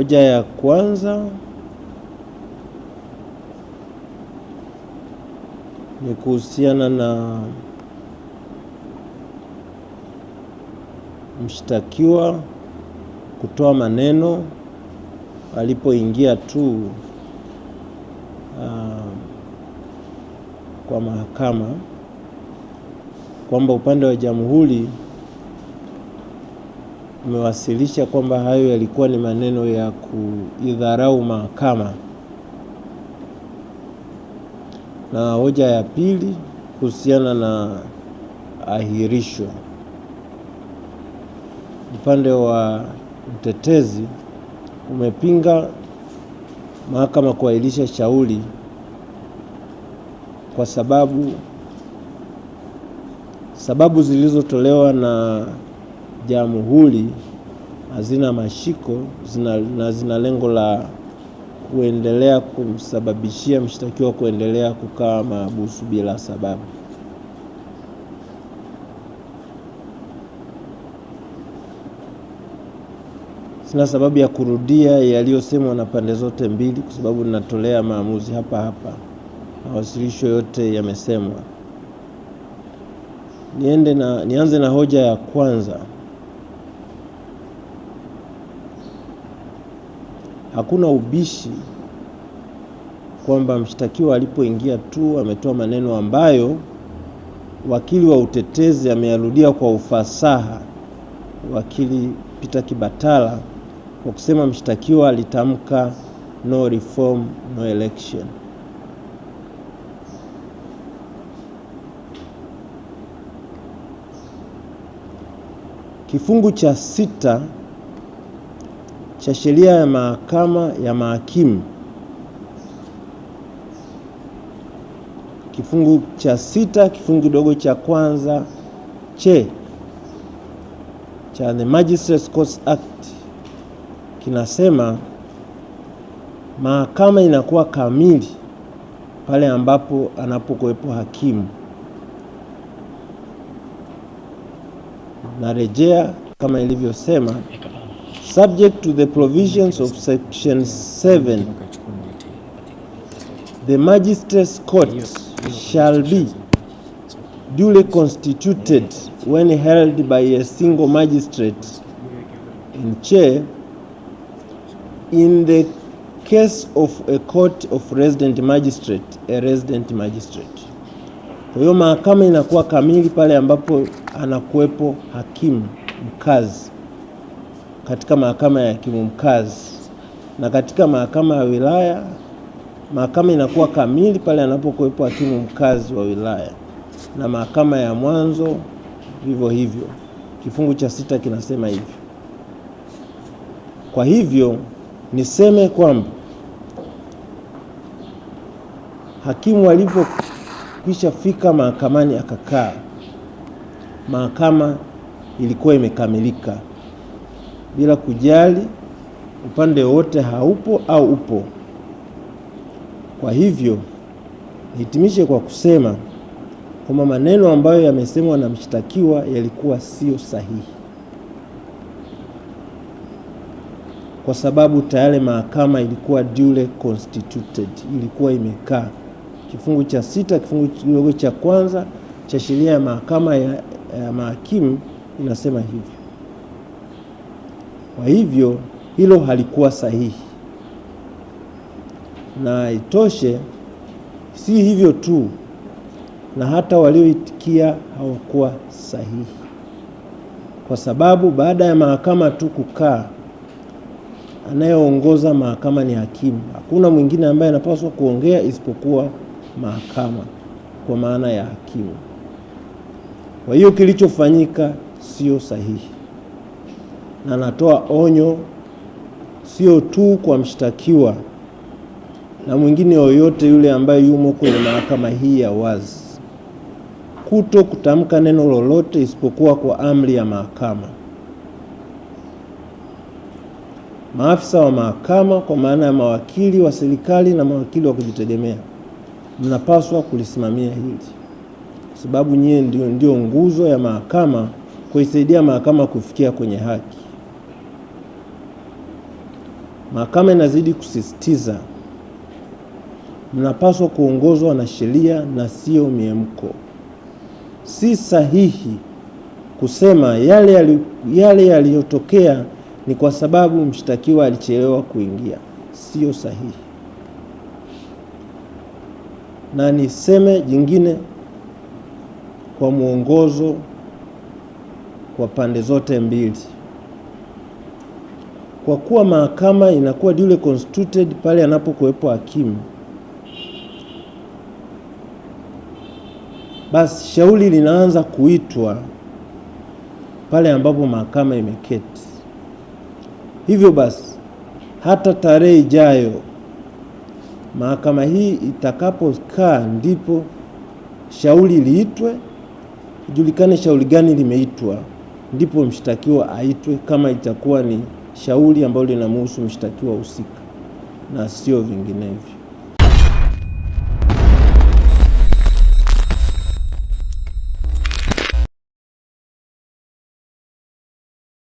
Hoja ya kwanza ni kuhusiana na mshtakiwa kutoa maneno alipoingia tu uh, kwa mahakama kwamba upande wa jamhuri umewasilisha kwamba hayo yalikuwa ni maneno ya kuidharau mahakama. Na hoja ya pili kuhusiana na ahirisho, upande wa mtetezi umepinga mahakama kuahirisha shauri kwa sababu sababu zilizotolewa na jamhuri hazina mashiko zina, na zina lengo la kuendelea kumsababishia mshtakiwa kuendelea kukaa mahabusu bila sababu. Sina sababu ya kurudia yaliyosemwa na pande zote mbili, kwa sababu ninatolea maamuzi hapa hapa. Mawasilisho yote yamesemwa. Niende na nianze na hoja ya kwanza. Hakuna ubishi kwamba mshtakiwa alipoingia tu ametoa maneno ambayo wakili wa utetezi ameyarudia kwa ufasaha, wakili Peter Kibatala, kwa kusema mshtakiwa alitamka no reform no election. Kifungu cha sita cha sheria ya mahakama ya mahakimu kifungu cha sita kifungu kidogo cha kwanza che cha the Magistrates Courts Act kinasema mahakama inakuwa kamili pale ambapo anapokuwepo hakimu. Narejea kama ilivyosema subject to the provisions of section 7 the magistrates court shall be duly constituted when held by a single magistrate in chair in the case of a court of resident magistrate a resident magistrate. Kwa hiyo mahakama inakuwa kamili pale ambapo anakuwepo hakimu mkazi katika mahakama ya hakimu mkazi, na katika mahakama ya wilaya mahakama inakuwa kamili pale anapokuwepo hakimu mkazi wa wilaya, na mahakama ya mwanzo vivyo hivyo. Kifungu cha sita kinasema hivyo. Kwa hivyo niseme kwamba hakimu alivyokwisha fika mahakamani akakaa, mahakama ilikuwa imekamilika bila kujali upande wowote haupo au upo. Kwa hivyo nihitimishe kwa kusema kwamba maneno ambayo yamesemwa na mshtakiwa yalikuwa sio sahihi, kwa sababu tayari mahakama ilikuwa duly constituted, ilikuwa imekaa. Kifungu cha sita kifungu kidogo cha kwanza cha sheria ya mahakama ya, ya mahakimu inasema hivyo. Kwa hivyo hilo halikuwa sahihi, na itoshe si hivyo tu, na hata walioitikia hawakuwa sahihi, kwa sababu baada ya mahakama tu kukaa, anayeongoza mahakama ni hakimu. Hakuna mwingine ambaye anapaswa kuongea isipokuwa mahakama, kwa maana ya hakimu. Kwa hiyo kilichofanyika sio sahihi na natoa onyo sio tu kwa mshtakiwa na mwingine yoyote yule ambaye yumo kwenye mahakama hii ya wazi kuto kutamka neno lolote isipokuwa kwa amri ya mahakama. Maafisa wa mahakama kwa maana ya mawakili wa serikali na mawakili wa kujitegemea, mnapaswa kulisimamia hili, kwa sababu nyie ndio, ndio nguzo ya mahakama kuisaidia mahakama kufikia kwenye haki. Mahakama inazidi kusisitiza mnapaswa kuongozwa na sheria na sio miemko. Si sahihi kusema yale yaliyotokea yale ni kwa sababu mshtakiwa alichelewa kuingia, sio sahihi. Na niseme jingine kwa mwongozo kwa pande zote mbili kwa kuwa mahakama inakuwa duly constituted pale anapokuwepo hakimu, basi shauri linaanza kuitwa pale ambapo mahakama imeketi. Hivyo basi hata tarehe ijayo mahakama hii itakapokaa, ndipo shauri liitwe, ijulikane shauri gani limeitwa, ndipo mshtakiwa aitwe kama itakuwa ni shauri ambalo linamhusu mshtakiwa husika na sio vinginevyo.